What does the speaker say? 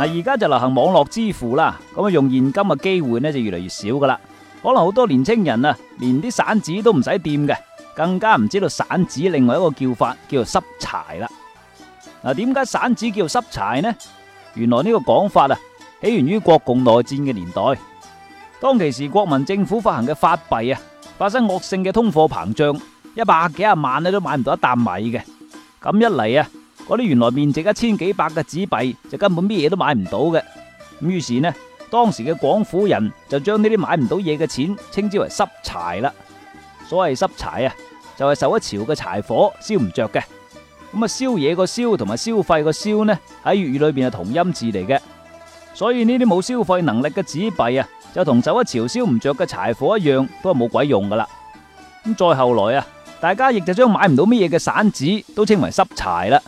嗱，而家就流行網絡支付啦，咁啊用現金嘅機會咧就越嚟越少噶啦。可能好多年輕人啊，連啲散紙都唔使掂嘅，更加唔知道散紙另外一個叫法叫做濕柴啦。嗱，點解散紙叫濕柴呢？原來呢個講法啊，起源於國共內戰嘅年代。當其時，國民政府發行嘅法幣啊，發生惡性嘅通貨膨脹，一百幾十萬呢都買唔到一擔米嘅。咁一嚟啊。嗰啲原來面值一千幾百嘅紙幣就根本乜嘢都買唔到嘅，咁於是呢，當時嘅廣府人就將呢啲買唔到嘢嘅錢稱之為濕柴啦。所謂濕柴啊，就係受咗潮嘅柴火燒唔着嘅。咁啊，燒嘢個燒同埋消費個燒呢，喺粵語裏邊係同音字嚟嘅，所以呢啲冇消費能力嘅紙幣啊，就同受咗潮燒唔着嘅柴火一樣，都係冇鬼用㗎啦。咁再後來啊，大家亦就將買唔到乜嘢嘅散紙都稱為濕柴啦。